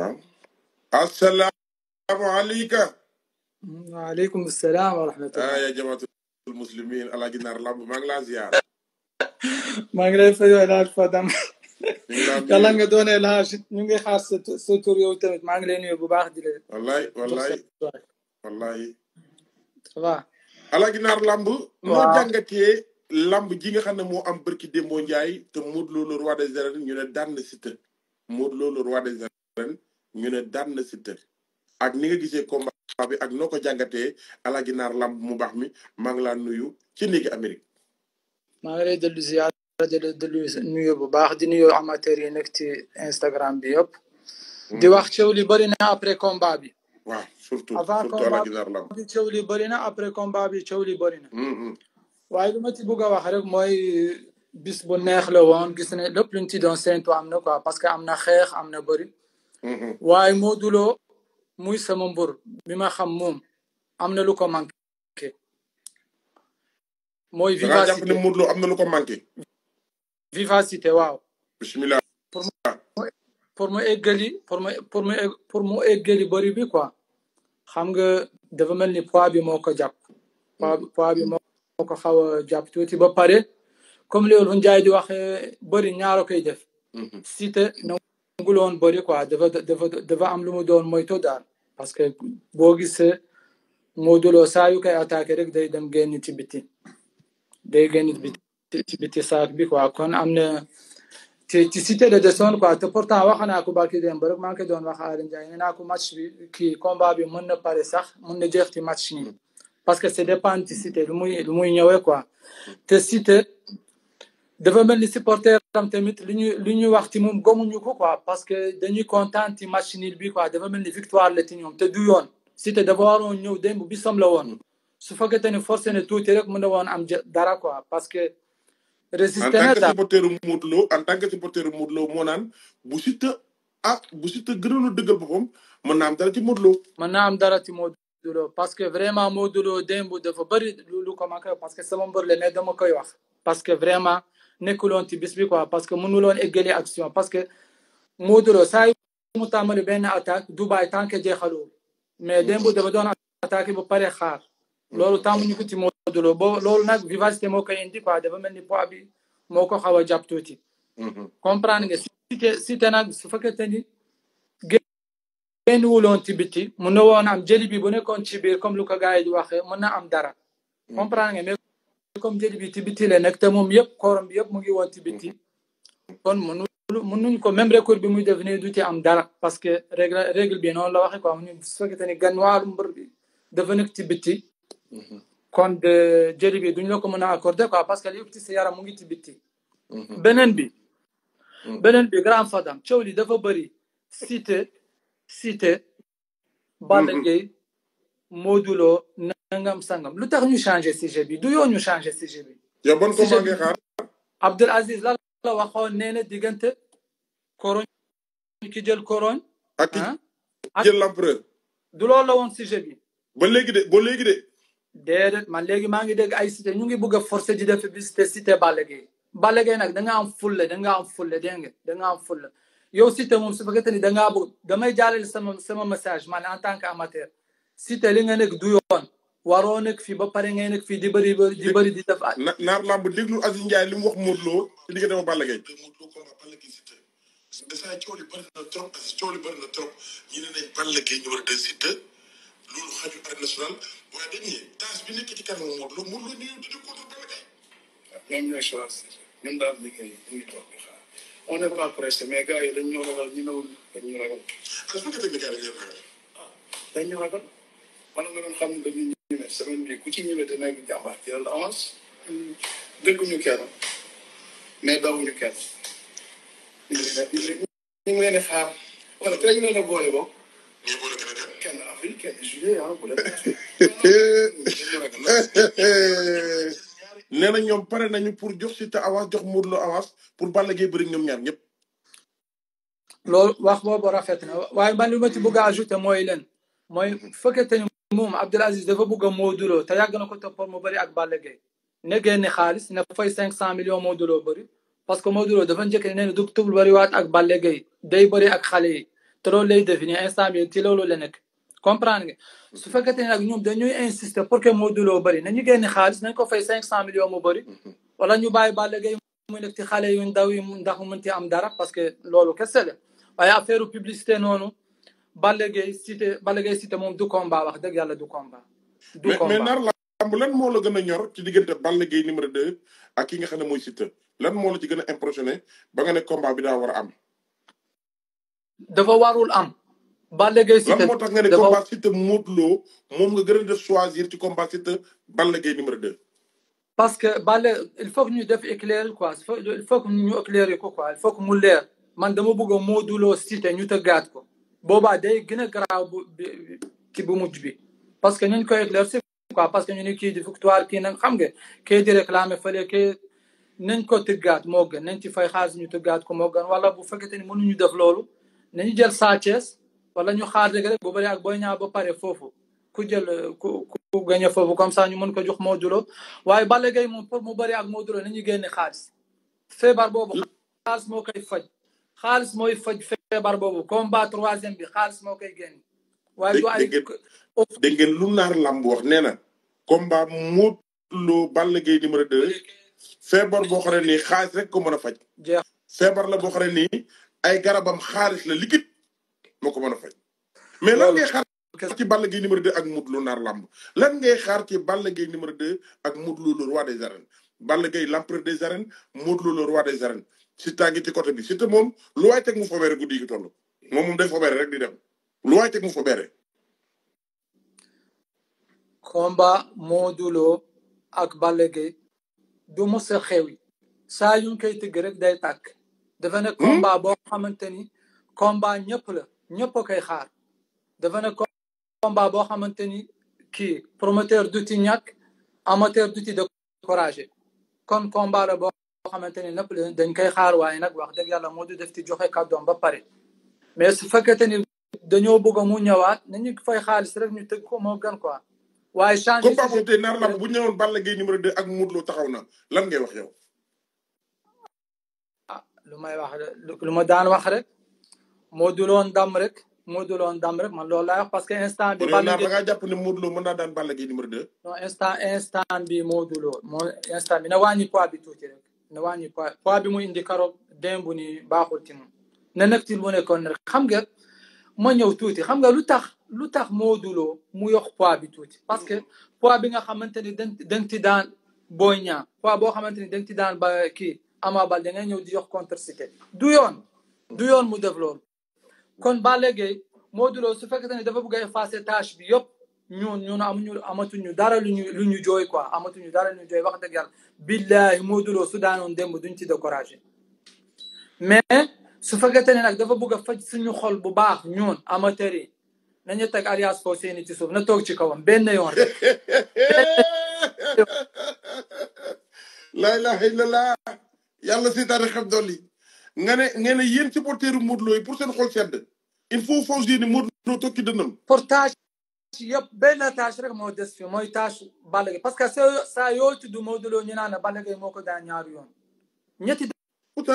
نعم. السلام عليك وعليكم السلام ورحمة الله آه يا جماعة المسلمين الله جينا الله بمانغلا زيارة مانغلا فدو الهار فدام يلا نقدون الهار نقي خاص ستور يوتمت مانغلا نيو بباخ دي والله والله والله تبا الله جينا لامبو مو جانغتي lamb جينا nga مو ne moo مونجاي barki démboo njaay te Modou Lo le roi des arènes ñu ñu ne daan na ci Siteu ak ni nga gisee combat bi ak noo ko jàngatee Alaaji Naar Lamb mu bax mi maa ngi laa nuyu ci néegi Amérique. maa ngi lay dellu ziar dellu nuyu bu baax di nuyu amateur yi nekk ci Instagram bi yëpp. Mm. di wax coow li bëri na après combat bi. waaw surtout surtout Alaaji Lamb avant combat bi coow li bëri na après combat bi coow li bëri na. Mm, mm. waaye lu ma ci bëgg a wax rek mooy bis bu neex la woon gis ne lépp luñ ci doon séntu am na quoi parce que am na xeex am na bëri. Mm-hmm. waaye Modou Lo muy sama mbër bi ma xam moom am na lu ko manqué mooy vivacité da am na lu ko manqué vivacité waaw bismillah pour mu pour mu pour mu pour mu pour mu éggali bëri bi quoi xam nga dafa mel ni poids bi moo ko jàpp poids bi moo ko xaw a jàpp tuuti ba pare comme loolu Ndiaye di wax eh, bëri ñaaro koy def Siteu mm-hmm. na nangul woon bëri quoi dafa dafa am lu mu doon moytu daal parce que boo gisee Modou Lo saa yu koy attaqué rek day dem génn ci biti day génn ci biti saak bi quoi kon am na ci site cité de descente quoi te pourtant wax naa ko barki dem ba rek maa ngi koy doon wax Aly Ndiaye naa ko match bi kii combat bi mën na pare sax mën na jeex ci match nii parce que c'est dépend ci cité lu muy lu muy te cité dafa mel ni supporter am tamit li ñu li ñu wax ci moom gomuñu ko quoi parce que dañuy kontaan ci match nul bi quoi dafa mel ni victoire la ci ñoom te du yoon si te dafa waroon ñëw démb bi som la woon su fekkee ne forcé ne tuuti rek mën na woon am dara quoi parce que résisté na daal en tant Lo en tant que supporteru Modou moo naan bu Siteu ah bu Siteu gënoon a dëggal boppam mën naa am dara ci Modou mën naa am dara ci Modou Lo parce que vraiment Modou Lo démb dafa bëri lu ko manqué parce que sama mbër le ne dama koy wax parce que vraiment nekkuloon ci bis bi quoi parce que mënuloon eggali action parce que Modou Lo saa yu mu tàmbali benn attaque Dubaay tànk jeexaloo mais démb dafa doon attaque ba pare xaar loolu tàmmuñu ko ci Modou Lo bo loolu nag vivacité moo koy indi quoi dafa mel ni poids bi moo ko xaw a jàpp tuuti comprendre nga site site nag su fekkente ni génn wuloon ci biti mën na woon am jëli bi bu nekkoon ci biir comme lu ko gars yi di waxee mën na am dara comprendre nga comme jëli bi ci biti la nekk te moom yëpp kooram bi yëpp mu ngi woon ci biti mhm. kon mënu mënuñ ko même record bi muy def nii du ci am dara parce que règle règle bi noonu la waxee quoi mu su fekkee ni gan waaru dafa nekk ci biti mhm. kon de jëli bi duñ la ko mën a accordé quoi parce que li yëpp ci sa yaram mu ngi ci biti mhm. bi beneen bi grand fadam coow li dafa bëri cité cité Balla Gaye Modou Lo nangam sangam lu tax ñu changé sujet bi du yoon ñu changé sujet bi. yow ban combat ngay xaar. Abdoul Aziz la la waxoon nee na diggante. Koroñ ki jël Koroñ. ak ki ah? jël du lool la woon sujet bi. ba léegi de ba léegi de. déedéet man léegi maa ngi dégg ay cité ñu ngi bëgg a forcer di def publicité cité Balla Gaye. Balla nag da nga am fulla da nga am fulla dégg nga da am fulla yow cité moom su fekkee ni da ngaa damay jàllale sama sama message man en tant que amateur. Siteu li nga nekk du yoon waroo nekk fii ba pare ngay nekk fii di bëri di bëri di def. na naar làmb déglu Aziz njaay li mu wax Modou Lo ci diggante ma Balla Gaye. dèjà li bëri na trop parce que coow li bëri na trop ñu ne nañ Balla Gaye numéro 2 Siteu loolu xajul arène nationale waaye dañuy tâche bi nekk ci kanam Modou Lo Modou Lo ñëw di def contre Balla Gaye. Ah, ñu ngi toog yi dañ ñoo ragal ñu newul dañ ñu ragal. dañ ñu ragal. Ah, man nga doon xam ne dañuy ñeme semaine bi ku ci ñeme te nekk jàmbaar jëlal avance dëgguñu kenn mais dawuñu kenn ñu ngi leen di xaar wala te ñu leen a boole bokk kenn avril kenn juillet ah bu nee na ñoom pare nañu pour jox si te avance jox Modou Lo avance pour Balla Gaye bëri ñoom ñaar ñëpp loolu wax boobu rafet na waaye man li ma ci bëgg a ajouté mooy leen mooy fekkente moom Abdoul Aziz dafa bëgg a Modou Lo te yàgg mu bëri ak Balla Gaye ne génne xaalis ne fay 500 millions Modou Lo bëri parce que Modou Lo dafa njëkk ne ne du tubul bëriwaat ak Balla Gaye day bëri ak xale yi te loolu lay définir instant nekk comprendre nga su fekkente ne nag ñoom dañuy insister pour que Modou Lo bëri nañu génne xaalis nañ ko fay 500 millions mu bëri wala ñu bàyyi Balla Gaye muy nekk ci xale yu ndaw yi ndax mu mënti am dara parce que loolu kese la waaye affaire publicité noonu ba Gaye Siteu ba Gaye Siteu moom du combat wax dëgg yàlla du combat. du combat mais mais nar làmb lan moo la gën a ñor ci diggante Balla Gaye numéro 2 ak ki nga xam ne mooy Siteu lan moom la ci gën a impressionné ba nga ne combat bi daa war a am. dafa warul am. ba Gaye Siteu lan moo tax nga ne combat Siteu Modou Lo moom nga gën a def choisir ci combat Siteu Balla Gaye numéro 2. parce que Balla il faut que ñu def éclairer quoi il faut que ñu ko quoi il faut que mu leer man dama bëgg a Modou Lo Siteu ñu tëggaat ko. boobaa day gën a garaaw bu ci bu mujj bi parce que ñu koy éclaircir quoi parce que ñu ni kii di victoire kii nag xam nga kii di réclamer fële kii nañ ko tëggaat moo gën nañ ci fay xaalis ñu tëggaat ko moo gën wala bu fekkente ni ñu def loolu nañu jël Sa Thiès wala ñu xaar rek rek bu bëri ak Boy Niang ba pare foofu ku jël ku ku gagné foofu comme ça ñu mën ko jox Modou Lo waaye Balla Gaye moom pour mu bari ak Modou Lo nañu génne xaalis feebar boobu xaalis moo koy faj xaalis mooy faj feebar boobu combat troisième bi xaalis moo koy génn. waaye du ay dégg ngeen lu naar lamb wax nee na. combat Modou Lo Balla Gaye numéro 2. feebar boo xam nii xaalis rek ko mën a faj. jeex feebar la boo xam nii ay garabam xaalis la liquide moo ko mën a faj. mais lan ngay xaar ci Balla Gaye numéro 2 ak Modou Lo naar lamb lan ngay xaar ci Balla Gaye numéro de ak Modou lu le roi des arènes Balla Gaye l'empereur des arènes Modou Lo le roi des arènes. Siteu ngi ci côté bi Siteu moom lu waay teg mu fobeere guddi gi toll moom moom day fobeere rek di dem lu waay teg mu fobeere. combat Modou Lo ak Balla Gaye du mos xewi saa yu ñu koy tëgg rek day tàkk. dafa nekk hmm? combat boo xamante ni combat ñëpp la ñëpp koy xaar. dafa nekk combat boo xamante ni kii promoteur du ci ñàkk amateur du ci découragé kon combat la boo boo xamante ne lépp dañ koy xaar waaye nag wax dëgg yàlla moo di def ci joxe kàddoom ba pare mais su fekkente ni dañoo bëgg mu ñëwaat nañu fay xaalis rek ñu teg ko moo gën quoi waaye changé combat boobu tey nar lamb bu ñëwoon Balla Gaye numéro 2 ak Modou Lo taxaw na lan ngay wax yow ah lu may wax lu ma daan wax rek moo duloon ndam rek moo duloon ndam rek man loolu laay parce que instant bi Balla Gaye da ngaa jàpp mën naa daan Balla Gaye numéro 2 non instant bi Modou moo instant bi na wàññi poids tuuti rek na wàññi poids poids bi muy indi karo démb ni baaxul ci moom na naftil mu nekkoon rek xam nga ma ñëw tuuti xam nga lu tax lu tax Modou mu yox poids bi tuuti parce que poids bi nga xamante ni da nga ci daan Boy Niang poids boo xamante ni da nga ci daan ba kii Ama Baldé nga ñëw di yox contre cité du yoon du yoon mu def loolu kon ba léegi Modou Lo su fekkee ne dafa bëgg a effacer tâche bi yëpp ñun ñun amuñu amatuñu dara lu ñu lu ñu jooy quoi amatuñu dara lu ñu jooy wax deug yàlla billahi modulo Lo su daanoon duñ ci décourager mais su fekkente nak dafa bëgg faj suñu xol bu baax ñun amateur yi nañu teg Alias seen ci suuf na tok ci kawam ben yoon rek. la ilaha illallah yàlla si dara xam dolli nga ne nga ne yéen ci porteru modulo pour seen xol sedd il faut foog yéen modulo tokki dënam portage ci yëpp benn tâche rek moo des fi mooy tâche Balla Gaye parce que saa yoo tudd Modou Lo ñu naan Balla Gaye moo ko daan ñaari yoon ñetti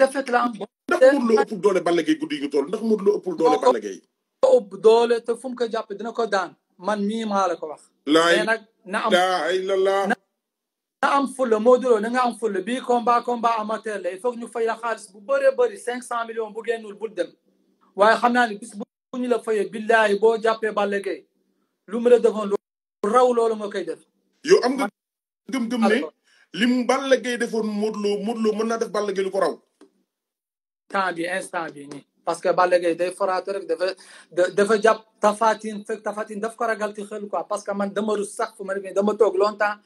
defet la am ndax Modou Lo ëppul doole Balla Gaye guddi ñu toll ndax Modou Lo ëppul doole Balla Gaye ëpp doole te fu mu ko jàpp dina ko daan man mii maa ko wax laa nag na am na am fulla Modou Lo na nga am fulla bii combat combat amateur la il faut ñu fay la xaalis bu bëree bëri cinq cent millions bu génnul bul dem waaye naa ne bis bu ñu la fayee billaahi boo jàppee Balla Gaye lu mu la defoon lu raw loolu koy def. yow am nga gëm-gëm ne lim Balla Gaye defoon Modou Lo Modou Lo mën naa def Balla Gaye lu ko raw. temps bi instant bi nii parce que Balla Gaye day foraatu rek dafa dafa jàpp tafatin fekk tafatin daf ko ragal ci xel quoi parce que man dama rus sax fu ma nekk dama toog longtemps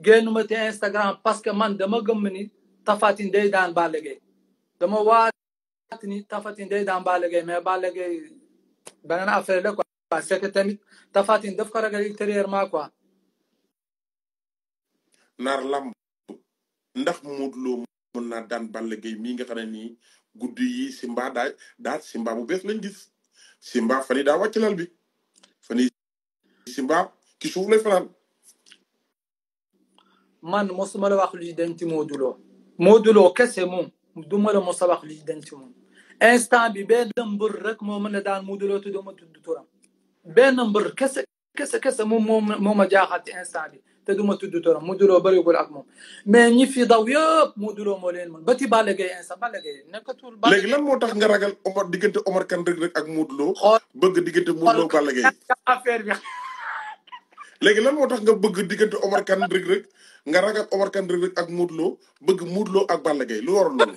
génnuma te Instagram parce que man dama gëm ni tafatin day daan Balla Gaye dama waat ni tafatin day daan Balla Gaye mais Balla Gaye beneen affaire la quoi. parce que tamit Tapha Tine daf ko ragal intérieurement ko naar lam ndax Modou Lo mën daan Balla Gaye mii nga xam ne nii guddi yi Simba daal daal Simba mu bees lañ gis Simba fan yii daa wàcc lal bi fan yii Simba ki suuf lay fanaan. man mosuma la wax luy denc Modou Lo Modou Lo kese moom du ma la mos a wax luy denc moom instant bi be benn mbër rek moo mën a daan Modou Lo te doo ma tudd turam. بينهم بر كسا كسا كسا مو مو مو مجاهة إنساني تدوم تدوتورا مودلو بري يقول أكمل ما نيفي ضويب مودلو مولين من بتي بالغي إنسان بالغي نكتول بالغي لكن لما تخ نراجل عمر ديكنت عمر كان رك رك أك مودلو بق ديكنت مودلو بالغي أفير بيا لكن لما تخ نبق ديكنت عمر كان رك رك نراجل عمر كان رك رك أك مودلو بق مودلو أك بالغي لو ورلو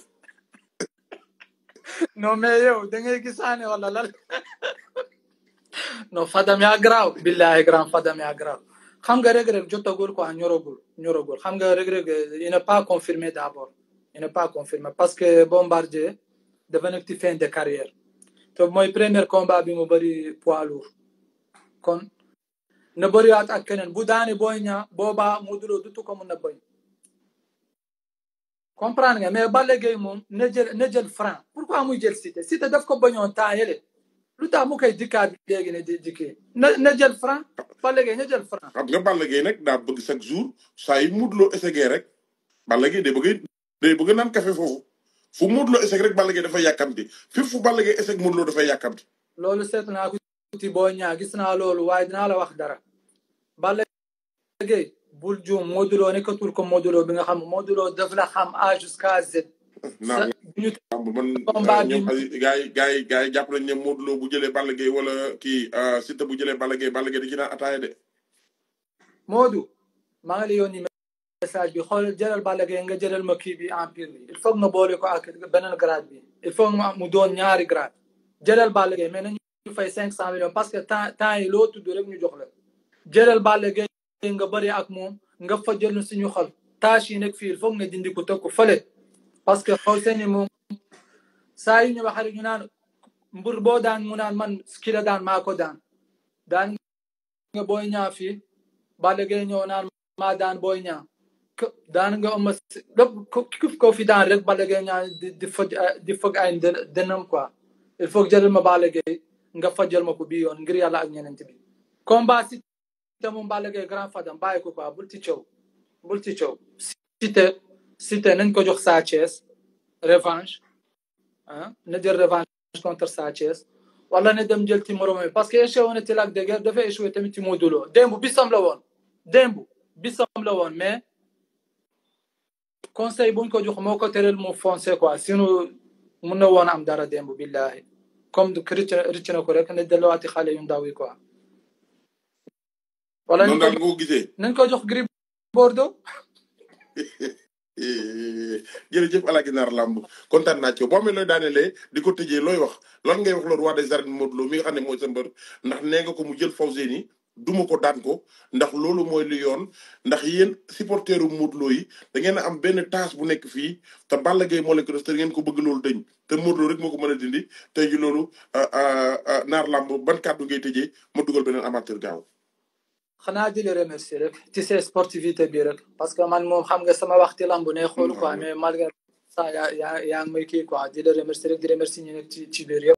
non mais yow da ngay gisaane wala lan non fadam yaa garaaw billahi grand fadam yaa garaaw xam nga Reug Reug jotagul quoi ñoragul ñoragul xam nga Reug Reug il pas confirmé d'abord il n'est pas confirmé parce que Bombardier dafa nekk de carrière te mooy premier combat bi mu bëri poids lourd kon na bëriwaat ak keneen bu daane booy ñaa boobaa Modou Lô dutu ko mën a bañ comprendre mais Balla Gaye moom na jël na jël franc pourquoi muy jël Siteu Siteu daf ko bañoon temps tax mu koy dikkaat léegi ne di dikkee na na jël franc Balla Gaye na jël franc. xam nga bale Gaye nag daa bëgg chaque jour saa yu Modou rek Balla Gaye day bëgg day bëgg naan café foofu fu Modou Lo essayé rek Balla Gaye dafay yàkkamti fépp fu Balla Gaye essayé Modou Lo dafay yàkkamti. loolu seet naa ko ci boo ñaa gis naa loolu waaye la wax dara Balla Gaye bul juum Modou Lo nekkatul ko Modou Lo bi nga xam Modou Lo daf la xam A jusqu'à Z. naa ñu man euh, ñoom gars yi gars yi gars jàpp nañ ne Modou Lo bu jëlee Balla Gaye wala kii euh, Siteu bu jëlee Balla Gaye Balla Gaye di ci naan ataaya de. Modou maa ngi lay yónni message bi xool jëlal bale Gaye nga jëlal ma kii bi empire bi il faut nga boole ko ak beneen grade bi il faut nga mu doon ñaari grade jëlal Balla Gaye na ñu fay cinq cent millions parce que temps temps yi loo tudd rek ñu jox la jëlal Balla Gaye nga bari ak moom nga fa jël suñu xol tâche yi nekk fii il faut nga dindi ko teg ko fële parce que hoseini mum saýine we hariginan burbodan munan man skiladan makodan dan ga boynya fi balagenya onan madan boynya dan ga umma kif ko fi dan rek balagenya di fog ay denam quoi il faut que jël ma balagay nga fajjal ma ko bi yoon ngir yalla ak ñeneen bi combat si te mum balagay grand fadam bay ko quoi bul ci ciow bul ci ciow si te Siteu nañ ko jox Sa Thiès revanche ah na jël revanche contre Sa Thiès wala na dem jël ci morom parce que échoué woon na ci Lac de Guiers dafay échoué tamit ci Modou Lo démb bisam la woon démb bisam la woon mais conseil buñ ko jox moo ko tëral mu foncé quoi sinon mun na woon am dara démb billahi comme rëcc na ko rek ne delluwaati xale yu ndaw yi quoi wala nañ ko jox Gris jërëjëf alaaji naar lamb kontan naa ci boo amee looy daanelee di ko tëjee looy wax lan ngay wax le roi des arènes modlo mi nga xam ne mooy sa mbër ndax nee nga ko mu jël ni duma ko daan ko ndax loolu mooy li yoon ndax yéen supporteru modlo yi da ngeen a am benn taas bu nekk fii te Balla gay moo leen ko def te ngeen ko bëgg loolu dëñ te modlo rek moo ko mën a dindi tey ji loolu ah, ah, ah, naar lamb ban kàddu ngay tëjee ma dugal beneen amateur gaaw xanaa di la remercier rek ci sa sportivité bi parce que man moom xam nga sama waxti lamb ne xool quoi mais malgré ça yaa yaa yaa ngi may kii quoi di la remercier rek ñu ci ci biir yëpp